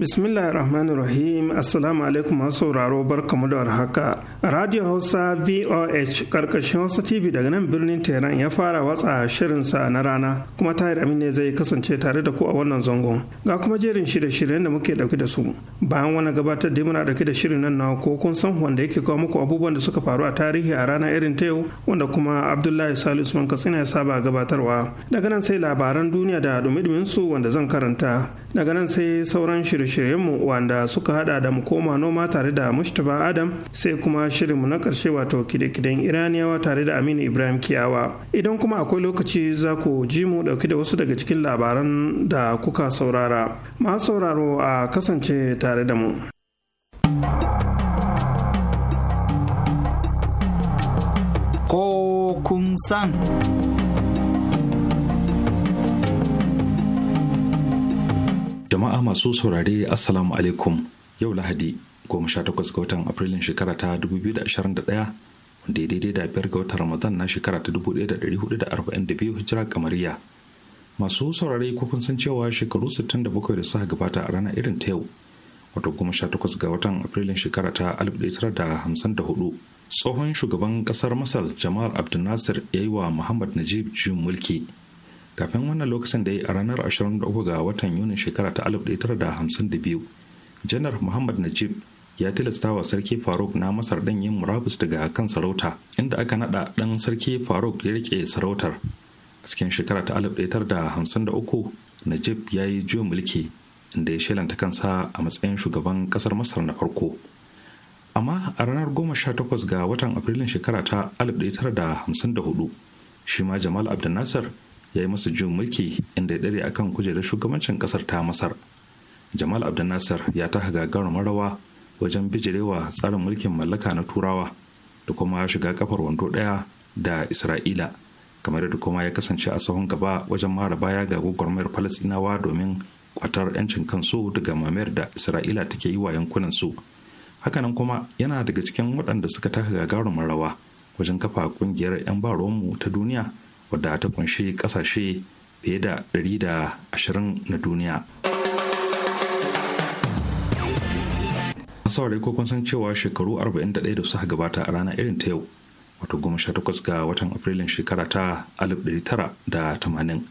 Bismillah ar rahim assalamu alaikum masu sauraro barkamu da warhaka radio hausa voh karkashin hausa tv daga nan birnin tehran ya fara watsa shirinsa na rana kuma tahir ne zai kasance tare da ku a wannan zangon ga kuma jerin shirye-shiryen da muke dauke da su bayan wani gabatar da muna dauke da shirin nan na ko kun san wanda yake kawo muku abubuwan da suka faru a tarihi a rana irin ta yau wanda kuma abdullahi salisu usman katsina ya saba gabatarwa daga nan sai labaran duniya da dumi su wanda zan karanta daga nan sai sauran shirye shirye mu wanda suka hada da mu koma noma tare da Mustapha Adam sai kuma shirin mu na karshe wato kide-kiden Iraniyawa tare da Aminu Ibrahim Kiyawa. Idan kuma akwai lokaci za ku ji mu dauki da wasu daga cikin labaran da kuka saurara. ma sauraro a kasance tare da mu. Ko kun san. Jama'a masu saurare Assalamu alaikum yau Lahadi goma sha takwas ga watan Afrilun shekara ta 2021 wanda daidai da biyar ga watan Ramadan na shekara ta 1442 hijira kamariya. Masu saurare ko san cewa shekaru 67 da da suka gabata a ranar irin ta yau wato goma sha takwas ga watan Afrilun shekara ta hudu, tsohon shugaban ƙasar Masar Jamal AbdulNasir ya yi wa Muhammad Najib juyin mulki. kafin wannan lokacin da ya yi a ranar 23 ga watan yunin shekara ta 1952 janar muhammad najib ya tilasta wa sarki faruk na masar dan yin murabus daga kan sarauta inda aka naɗa ɗan sarki faruk ya rike sarautar a cikin shekara ta 1953 najib ya yi juya mulki inda ya shelanta kansa a matsayin shugaban ƙasar masar na farko amma a ranar 18 ga watan afrilun shekara ta 1954 shi ma jamal abdul ya yi masa jin mulki inda ya dare akan kujerar shugabancin kasar ta masar jamal abdul ya taka gagarumar rawa wajen bijirewa tsarin mulkin mallaka na turawa da kuma shiga kafar wando daya da isra'ila kamar da kuma ya kasance a sahun gaba wajen mara baya ga gwagwarmayar falasinawa domin kwatar 'yancin kansu daga mamayar da isra'ila take yi wa yankunan su hakanan kuma yana daga cikin waɗanda suka taka gagarumin rawa wajen kafa ƙungiyar 'yan baronmu ta duniya wadda ta kunshi kasashe fiye da 120 na duniya. saurari ko kun san cewa shekaru 41 da suka gabata a ranar irin ta yau wato 18 ga watan afrilun shekara ta 1980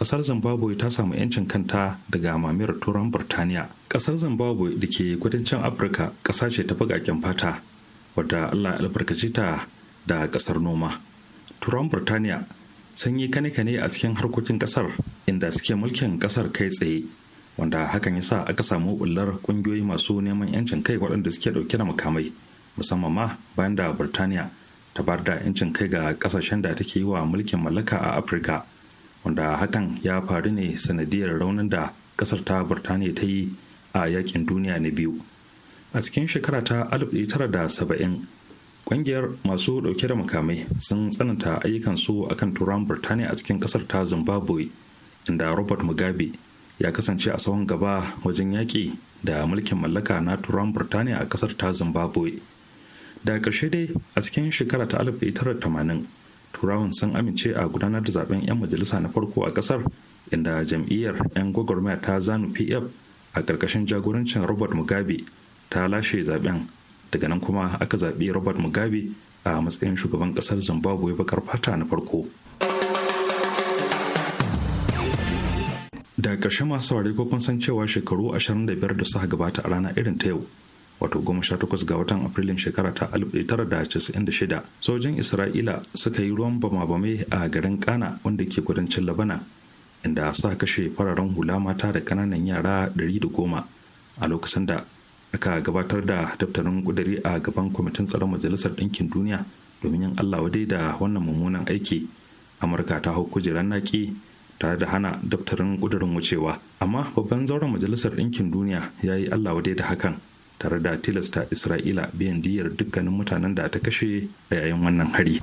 kasar zimbabwe ta samu 'yancin kanta daga mamayar turan burtaniya kasar zimbabwe da ke kudancin afirka kasa ce ta bakaken fata wadda allah albarkaci ta da kasar noma turan burtaniya sun yi kane-kane a cikin harkokin kasar inda suke mulkin kasar kai tsaye wanda hakan ya sa aka samu bullar ƙungiyoyi masu neman yancin kai waɗanda suke ɗauke da makamai musamman ma bayan da burtaniya ta bar da yancin kai ga ƙasashen da take yi wa mulkin mallaka a afirka wanda hakan ya faru ne sanadiyar raunin da ƙasar ta burtaniya ta yi a yakin duniya na biyu a cikin shekara ta 1970 Ƙungiyar masu ɗauke da makamai sun tsananta ayyukansu kan turan Birtaniya a cikin ƙasar ta Zimbabwe inda Robert Mugabe ya kasance a tsawon gaba wajen yaƙi da mulkin mallaka na turan Birtaniya a ƙasar ta Zimbabwe. Da ƙarshe dai a cikin shekara ta 1980 turawan sun amince a gudanar da zaben 'yan majalisa na farko a ƙasar inda jam'iyyar 'yan gwagwarmaya ta zanu pf a ƙarƙashin jagorancin robert mugabe ta lashe zaben daga nan kuma aka zaɓi robert mugabe a matsayin shugaban ƙasar zimbabwe bakar fata na farko da ƙarshe masu saurari ko kun san cewa shekaru 25 da suka gabata a rana irin ta yau wato 18 ga watan afrilun shekara ta 1996 sojin isra'ila suka yi ruwan bama-bame a garin kana wanda ke kudancin labana inda suka kashe fararen hula mata da kananan yara 110 a lokacin da aka gabatar da daftarin kudari a gaban kwamitin tsaron majalisar ɗinkin duniya domin yin allah wadai da wannan mummunan aiki amurka ta hau kujerar naki tare da hana daftarin kudurin wucewa amma babban zauren majalisar ɗinkin duniya ya yi allah wadai da hakan tare da tilasta isra'ila biyan diyar dukkanin mutanen da ta kashe a yayin wannan hari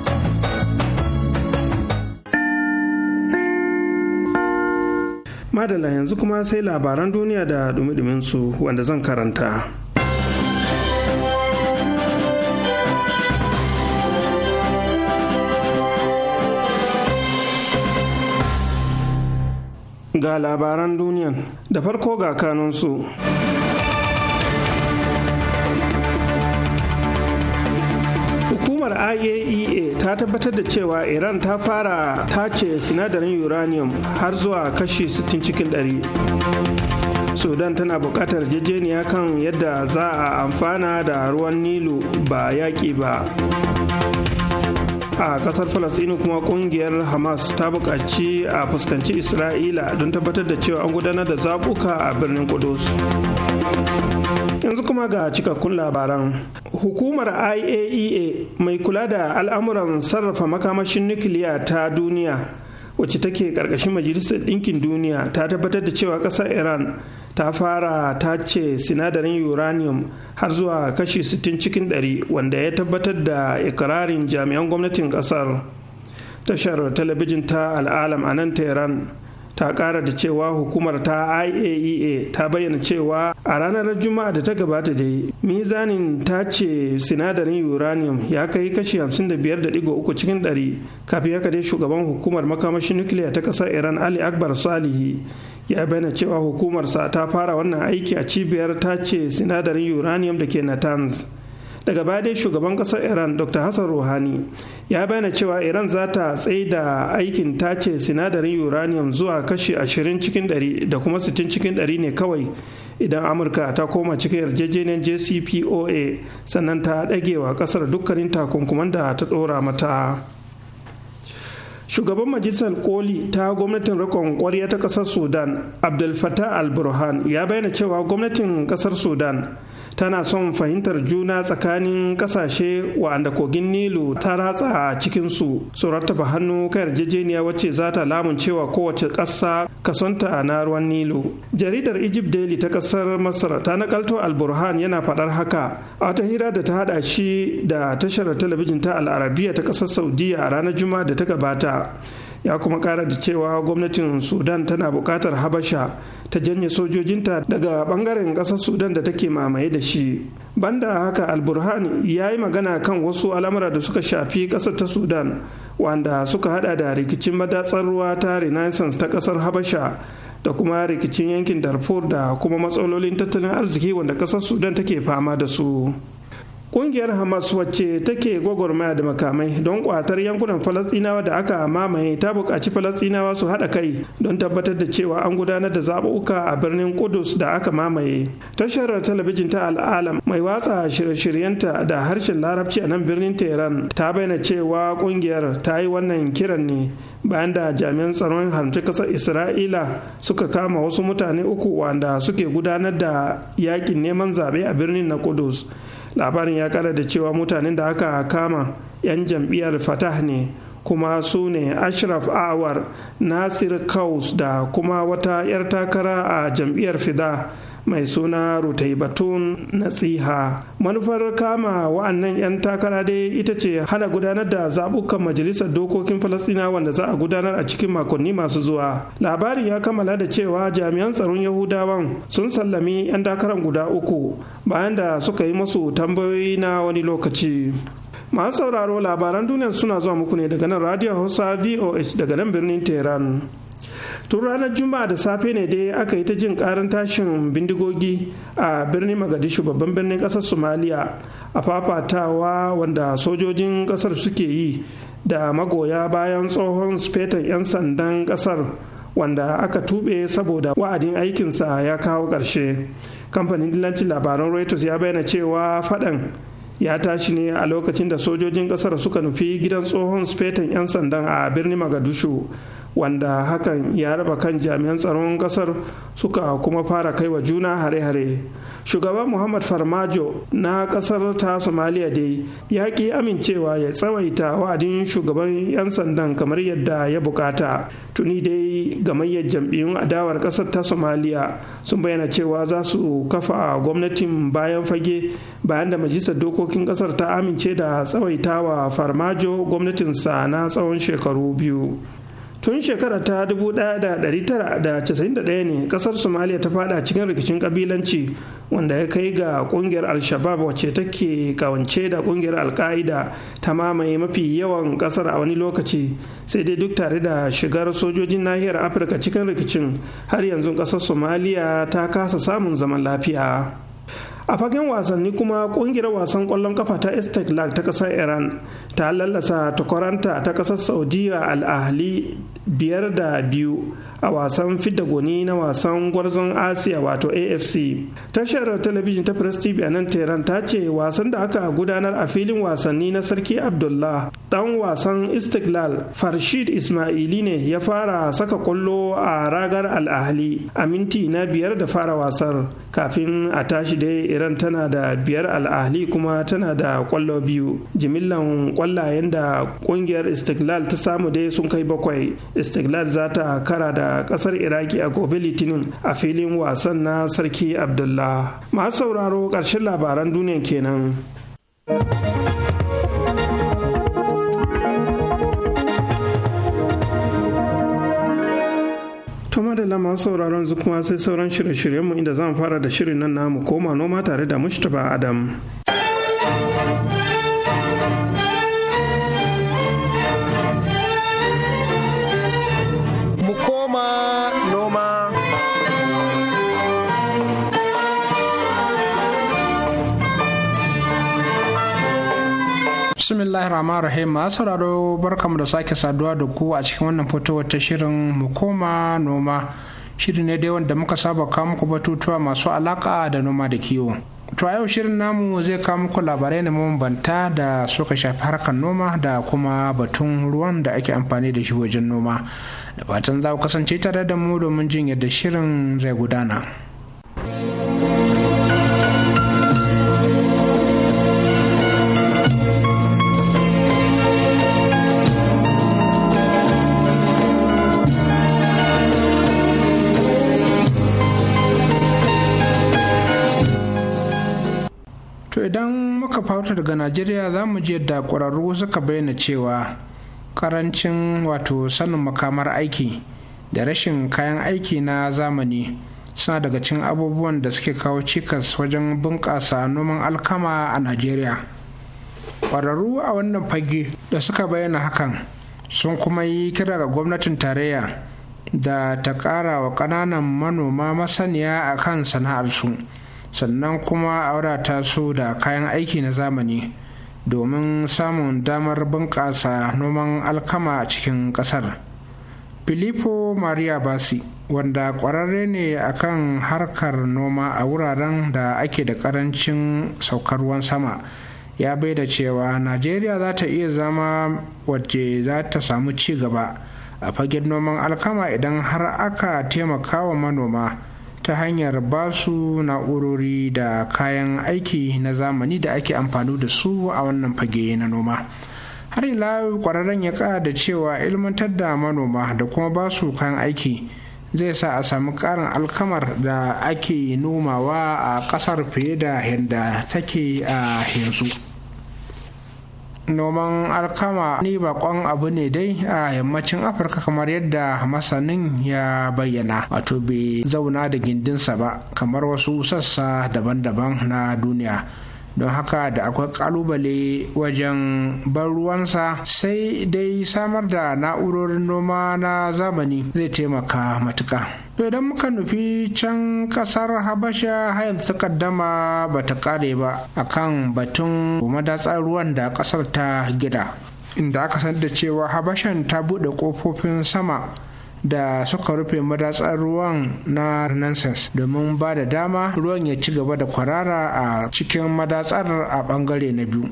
Madala yanzu kuma sai labaran duniya da dumi su wanda zan karanta ga labaran duniyan da farko ga kanunsu. su hukumar iaea e ta tabbatar da cewa iran ta fara tace sinadarin uranium har zuwa kashi 60 cikin 100 sudan tana buƙatar jejeniya kan yadda za a amfana da ruwan nilu ba yaƙi ba a ƙasar falasɗinu kuma ƙungiyar hamas ta buƙaci a fuskanci isra'ila don tabbatar da cewa an gudanar da zaɓuka a birnin kudus yanzu kuma ga cikakkun labaran hukumar iaea e mai kula da al'amuran sarrafa makamashin nukiliya ta duniya wacce take karkashin majalisar ɗinkin duniya ta tabbatar da cewa ƙasar iran ta fara ta ce sinadarin uranium har zuwa kashi 60 cikin 100 wanda ya tabbatar da ikirarin jami'an gwamnatin ƙasar tashar talabijin ta al'alam a nan tehran ta kara da cewa hukumar ta iaea e ta bayyana cewa a ranar juma'a da ta gabata dai mizanin ta ce sinadarin uranium ya kai kashi 55.3 cikin 100 kafin yaka dai shugaban hukumar makamashin nukiliya ta kasar iran ali akbar salihi ya bayyana cewa hukumarsa ta fara wannan aiki a cibiyar ta ce sinadarin uranium da ke natanz daga baya dai shugaban kasar iran dr hassan ruhani ya bayyana cewa iran za ta tsaye da aikin tace sinadarin uranium zuwa kashi 20 cikin 100 da kuma 60 cikin 100 ne kawai idan amurka ta koma cikin yarjejeniyar jcpoa sannan ta ɗagewa kasar dukkanin takunkuman da ta ɗora mata shugaban majalisar koli ta gwamnatin rikon kwarya ta ƙasar sudan abdulfatah fatah al-burhan ya bayyana cewa gwamnatin ƙasar sudan tana son fahimtar juna tsakanin kasashe wa'anda kogin nilu ta ratsa a cikinsu su rattaba hannu ka yarjejeniya wacce za ta lamuncewa kowace ƙasa kasonta na ruwan nilu jaridar egypt daily ta ƙasar masar ta nakalto alburhan yana faɗar haka a wata hira da ta haɗa shi da tashar talabijin ta al'arabiya ta ƙasar saudiya a ranar juma'a da ta gabata ya kuma ƙara da cewa gwamnatin sudan tana buƙatar habasha ta janye sojojinta daga bangaren ƙasar sudan da take mamaye da shi banda haka alburhan ya yi magana kan wasu al'amura da suka shafi ƙasar ta sudan wanda suka hada da rikicin madatsar ruwa ta renaissance ta ƙasar habasha da kuma rikicin yankin darfur da kuma matsalolin tattalin arziki wanda ƙasar sudan take fama da su Ƙungiyar Hamas wacce take gwagwarmaya da makamai don kwatar yankunan Falasɗinawa da aka mamaye ta buƙaci Falasɗinawa su haɗa kai don tabbatar da cewa an gudanar da zaɓuɓɓuka a birnin Kudus da aka mamaye. Tashar talabijin ta Al'alam mai watsa shirye-shiryenta da harshen Larabci a nan birnin Tehran ta bayyana cewa ƙungiyar ta yi wannan kiran ne bayan da jami'an tsaron haramci kasar isra'ila suka kama wasu mutane uku wanda suke gudanar da yakin neman zaɓe a birnin na kudus labarin ya kara da cewa mutanen da aka kama 'yan jam'iyyar fatah ne kuma su ne ashraf awar nasir kaus da kuma wata 'yar takara a jam'iyyar fida mai suna na natsiha manufar kama wa'annan 'yan takara dai ita ce hana gudanar da zaɓukan majalisar dokokin falastina wanda za a gudanar a cikin makonni masu zuwa labarin ya kammala da cewa jami'an tsaron yahudawan sun sallami 'yan takarar guda uku bayan da suka yi masu tambayoyi na wani lokaci masu sauraro labaran duniya suna zuwa muku ne daga nan radio hausa voh daga nan birnin tehran tun ranar juma'a da safe ne dai aka yi ta jin karin tashin bindigogi a birnin magadishu babban birnin kasar somaliya a fafatawa wanda sojojin kasar suke yi da magoya bayan tsohon spetan 'yan sandan kasar wanda aka tube saboda wa'adin aikinsa ya kawo ƙarshe kamfanin dillancin labaran reuters ya bayyana cewa faɗan ya tashi ne a lokacin da sojojin kasar suka nufi gidan tsohon spetan 'yan sandan a birnin magadishu wanda hakan ya raba kan jami'an tsaron kasar suka kuma fara kai wa juna hare-hare shugaban muhammad farmajo na kasar ta somaliya dai ya ki amincewa ya tsawaita wa'adin shugaban 'yan sandan kamar yadda ya bukata tuni dai gamayyar jam'iyyun adawar kasar ta somaliya sun bayyana cewa za su kafa gwamnatin bayan fage bayan da majalisar dokokin kasar ta amince da tsawaitawa farmajo gwamnatinsa na tsawon shekaru biyu tun shekara ta 1991 ne kasar Somalia ta fada cikin rikicin kabilanci wanda ya kai ga kungiyar al-shabab wacce take kawance da kungiyar al-qaida ta mamaye mafi yawan kasar a wani lokaci sai dai duk tare da shigar sojojin nahiyar afirka cikin rikicin har yanzu kasar Somalia ta kasa samun zaman lafiya a fagen wasanni kuma kungiyar wasan kwallon kafa ta lag ta kasar iran ta lallasa takwaranta ta kasar saudiya al-ahli biyar da biyu a wasan fidda goni na wasan gwarzon asiya wato afc tashar talabijin ta press tv a nan tehran ta ce wasan da aka gudanar a filin wasanni na sarki abdullah dan wasan istiklal farshid ismaili ne ya fara saka kwallo a ragar al'ahli a minti na biyar da fara wasar kafin a tashi dai iran tana da biyar al'ahli kuma tana da kwallo biyu jimillan kwallayen da kungiyar istiklal ta samu dai sun kai bakwai istiklal za ta kara da a kasar iraki a gobe litinin a filin wasan na sarki abdullah masu sauraro ƙarshen labaran duniya kenan Tuma masu sauraron kuma sai sauran shirye-shiryenmu inda zan fara da shirin nan namu koma noma tare da Mustapha Adam. bismillah rahman rahim masu sauraro barkamu da sake saduwa da ku a cikin wannan fitowar ta shirin mu koma noma shiri ne dai wanda muka saba kawo muku batutuwa masu alaka da noma da kiwo to a yau shirin namu zai kawo muku labarai na mabambanta da suka shafi harkar noma da kuma batun ruwan da ake amfani da shi wajen noma da fatan za ku kasance tare da mu domin jin yadda shirin zai gudana. Wata daga najeriya za mu je da ƙwararru suka bayyana cewa karancin wato sanin makamar aiki da rashin kayan aiki na zamani suna daga cin abubuwan da suke kawo cikas wajen bunƙasa noman alkama a najeriya ƙwararru a wannan fage da suka bayyana hakan sun kuma yi kira ga gwamnatin tarayya da ta ƙara wa ƙananan manoma masaniya a kan sana'arsu sannan kuma a wadata su da kayan aiki na zamani domin samun damar bunƙasa noman alkama a cikin ƙasar filippo maria basi wanda ƙwararre ne akan harkar noma a wuraren da ake da ƙarancin saukarwan sama ya bai da cewa najeriya za ta iya zama wacce za ta samu ci gaba a fagen noman alkama idan har aka taimaka wa manoma ta hanyar ba su na'urori da kayan aiki na zamani da ake amfani da su a wannan fage na noma har ila kwararren ya ƙara da cewa ilmantar da manoma da kuma ba su kayan aiki zai sa a sami ƙarin alkamar da ake nomawa a ƙasar fiye da yadda take a yanzu. noman alkama ni bakon abu ne dai a yammacin afirka kamar yadda masanin ya bayyana wato bai zauna da gindinsa ba kamar wasu sassa daban-daban na duniya don haka da akwai kalubale wajen ban ruwansa sai dai samar da na'urorin noma na zamani zai taimaka matuka to idan muka nufi can kasar habasha hayan takaddama ba ta kare ba kan batun madatsar ruwan da kasar ta gida inda aka san da cewa habashan ta buɗe ƙofofin sama da suka rufe madatsar ruwan na Renaissance domin ba da dama ruwan ya ci gaba da kwarara a cikin madatsar a bangare na biyu.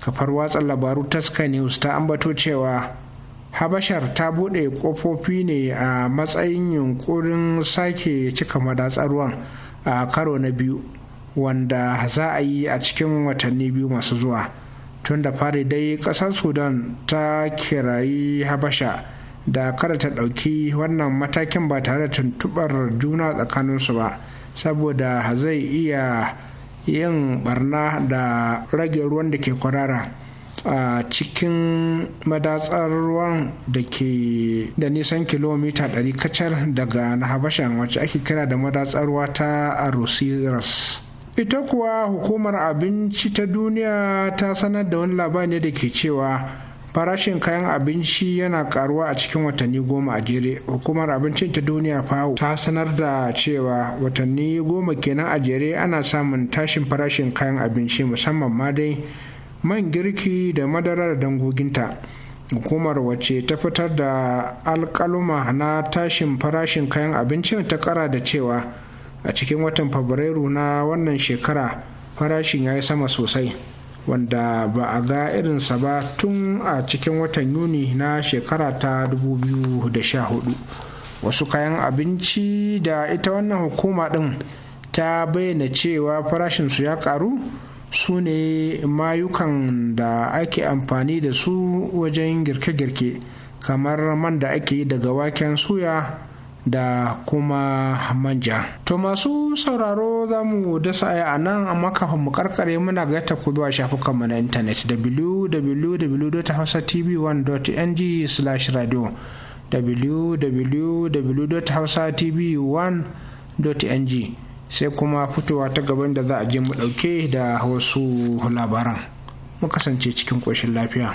Kafar watsa labaru ta News ta ambato cewa Habashar ta buɗe kofofi ne a matsayin yunkurin sake cika madatsar ruwan a karo na biyu wanda za a yi a cikin watanni biyu masu zuwa. tun da fari dai kasar sudan ta kirayi habasha da kada ta ɗauki wannan matakin ba tare da tuntubar juna tsakaninsu ba saboda zai iya yin barna da rage ruwan da ke kwarara a cikin madatsar ruwan da ke da nisan kilomita 100 kacar daga na habashan wacce ake kira da madatsar ruwa ta arusiras ita kuwa hukumar abinci ta duniya ta sanar da wani labari ne da ke cewa farashin kayan abinci yana karuwa a cikin watanni goma a jere hukumar abincin ta duniya fawo ta sanar da cewa watanni goma kenan a jere ana samun tashin farashin kayan abinci musamman ma dai man girki da madara da dangoginta hukumar wace ta fitar da alkaluma na tashin farashin kayan abincin ta kara da cewa a cikin watan fabrairu na wannan shekara farashin ya yi sama sosai wanda ba a ga irinsa ba tun a cikin watan yuni na shekara ta 2014 wasu kayan abinci da ita wannan hukuma din ta bayyana cewa farashinsu ya karu su ne mayukan da ake amfani da su wajen girke-girke kamar man da ake yi daga waken suya da kuma manja. To masu sauraro za mu dasa aya a nan amma kafin mu karkare muna gaita ku zuwa shafukanmu na intanet www.hausatv1.ng/radio www.hausatv1.ng sai kuma fitowa ta gaban da za a je mu dauke da wasu labaran. Mu kasance cikin ƙoshin lafiya.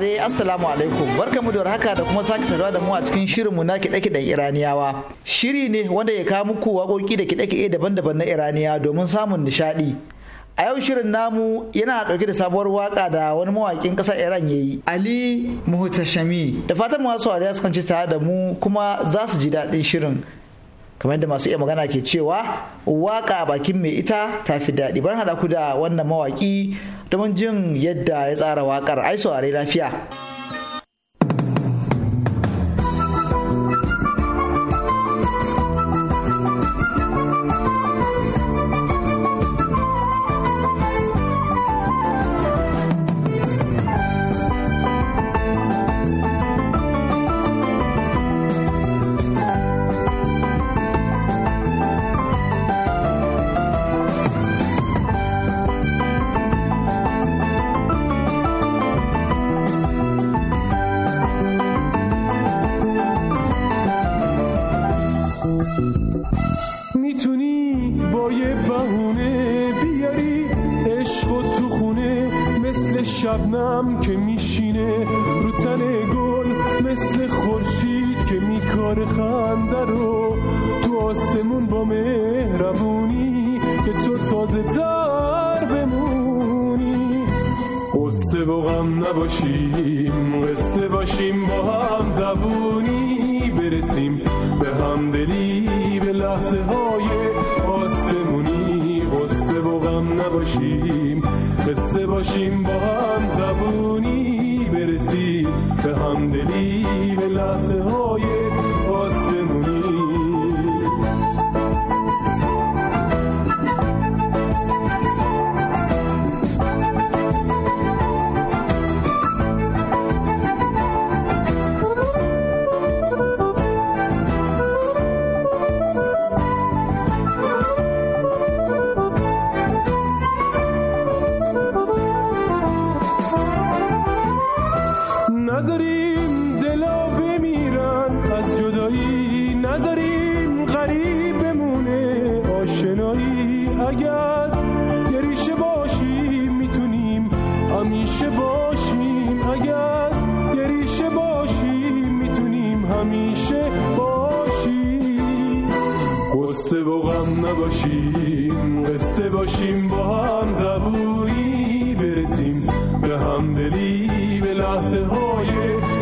saurare assalamu alaikum barkamu da haka da kuma sake saduwa da mu a cikin shirinmu na kiɗe-kiɗen iraniyawa shiri ne wanda ya kawo muku wakoki da kide kiɗe daban-daban na iraniya domin samun nishaɗi a yau shirin namu yana ɗauke da sabuwar waka da wani mawakin kasar iran ya yi ali muhtashami da fatan masu saurare su kan tare da mu kuma za su ji daɗin shirin kamar yadda masu iya magana ke cewa waka bakin mai ita ta fi daɗi bar haɗa ku da wannan mawaki domin jin yadda ya tsara waƙar ai saurari lafiya. نباشیم قصه باشیم با هم زبونی برسیم به همدلی به لحظه های قصه و غم نباشیم قصه باشیم با هم زبونی برسیم به همدلی به لحظه های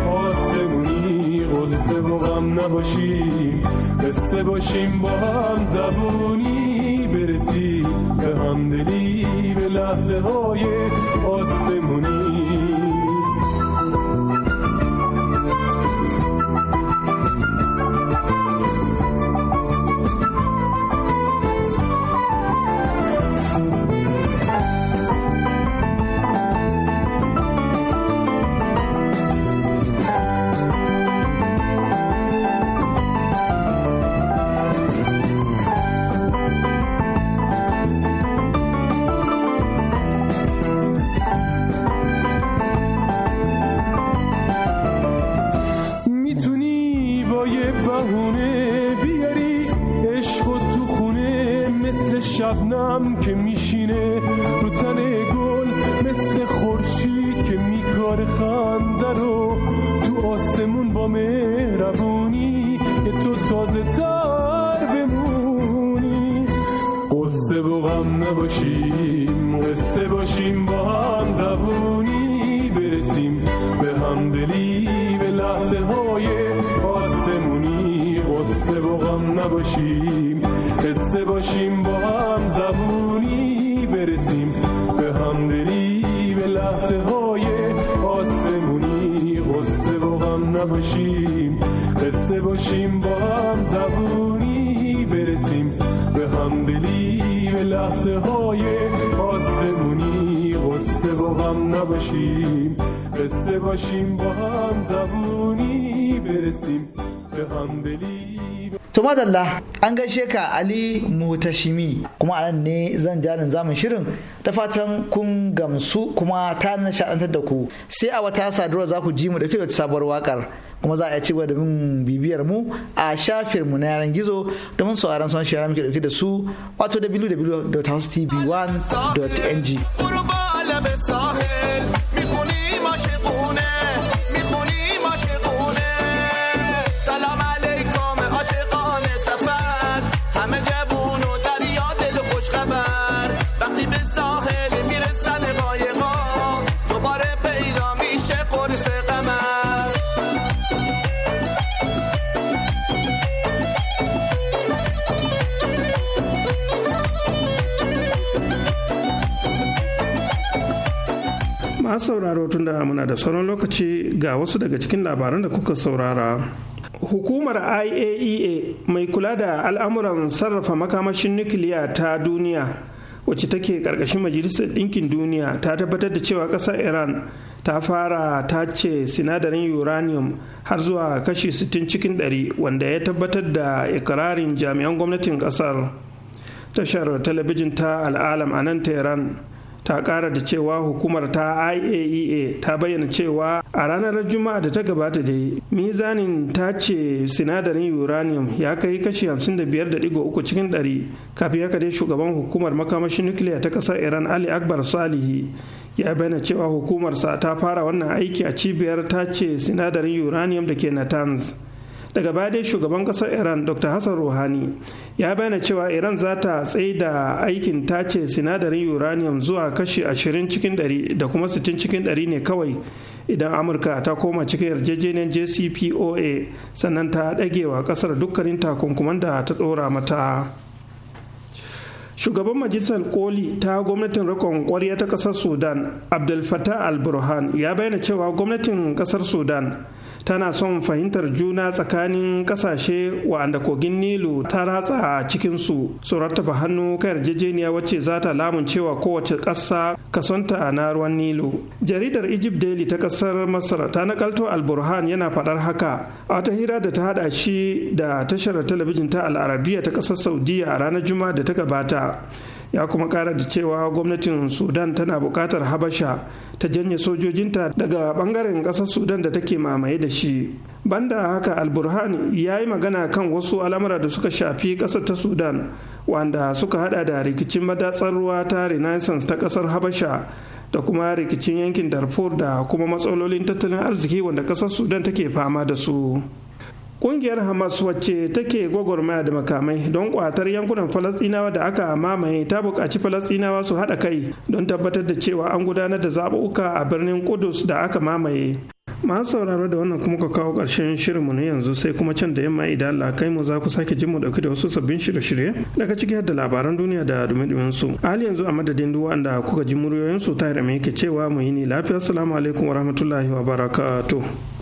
آسمونی قصه و غم نباشیم قصه باشیم با هم زبونی برسیم به همدلی به لحظه های آسمونی شبنم که میشینه رو تن گل مثل خورشید که میکار خنده رو تو آسمون با مهربونی که تو تازه تر بمونی قصه و نباشی قصه با هم نباشیم قصه باشیم با هم زبونی برسیم به هم دلی To madalla an gaishe ka Ali Mutashimi kuma anan ne zan jalin zamun shirin da fatan kun gamsu kuma ta nishaɗantar da ku sai a wata saduwa za ku ji mu dauke da sabuwar wakar kuma za a iya cigaba da bin bibiyar mu a shafin mu na yaran gizo domin sauraron son shirya muke dauke da su wato wwwtv 1ng الساحل masu sauraro tun muna da sauran lokaci ga wasu daga cikin labaran da kuka saurara hukumar iaea e mai kula da al'amuran sarrafa makamashin nukiliya ta duniya wacce take karkashin majalisar ɗinkin duniya ta tabbatar da cewa ƙasar iran ta fara ta ce sinadarin uranium har zuwa kashi 60 cikin 100 wanda ya tabbatar da ikirarin jami'an gwamnatin ƙasar tashar talabijin ta al'alam a nan tehran ta kara da cewa hukumar ta iaea e ta bayyana cewa a ranar juma'a da ta gabata dai mizanin ta ce sinadarin uranium ya kai kashi 55.3 cikin 100 kafin yaka dai shugaban hukumar makamashin nukiliya ta kasar iran ali akbar salihi ya bayyana cewa hukumarsa ta fara wannan aiki a cibiyar ta ce sinadarin uranium da ke natanz daga baya dai shugaban kasar iran dr hassan ruhani ya bayyana cewa iran za ta tsaye da aikin tace sinadarin uranium zuwa kashi 20 cikin 100 da kuma 60 cikin 100 ne kawai idan amurka ta koma cikin yarjejeniyar jcpoa sannan ta ɗagewa kasar dukkanin takunkuman da ta ɗora mata shugaban majalisar koli ta gwamnatin rikon kwarya ta ƙasar sudan abdulfatah fattah al-burhan ya bayyana cewa gwamnatin ƙasar sudan tana son fahimtar juna tsakanin kasashe wa'anda kogin nilu ta ratsa a cikinsu su rattaba hannu kan yarjejeniya wacce za ta lamuncewa kowace ƙasa kasonta na ruwan nilu jaridar egypt daily ta ƙasar masar ta nakalto alburhan yana faɗar haka a wata hira da ta haɗa shi da tashar talabijin ta al'arabiya ta ƙasar saudiya a ranar juma'a da ta gabata ya kuma kara da cewa gwamnatin sudan tana buƙatar habasha ta janye sojojinta daga bangaren ƙasar sudan da take mamaye da shi banda haka alburhan ya yi magana kan wasu al'amura da suka shafi ƙasar ta sudan wanda suka hada da rikicin madatsar ruwa ta renaissance ta ƙasar habasha da kuma rikicin yankin darfur da kuma matsalolin tattalin arziki wanda kasar sudan take fama da su. Ƙungiyar Hamas wacce take gwagwarmaya da makamai don ƙwatar yankunan Falasɗinawa da aka mamaye ta buƙaci Falasɗinawa su haɗa kai don tabbatar da cewa an gudanar da zaɓuɓɓuka a birnin Kudus da aka mamaye. Masu sauraro da wannan kuma ka kawo ƙarshen shirinmu na yanzu sai kuma can da yamma idan Allah kai mu za ku sake jin mu dauki da wasu sabbin shirye-shirye daga ciki da labaran duniya da dumi-dumin su. hali yanzu a madadin duk wanda kuka ji muryoyin su ta yake cewa mu yi ni lafiya. Assalamu alaikum wa rahmatullahi wa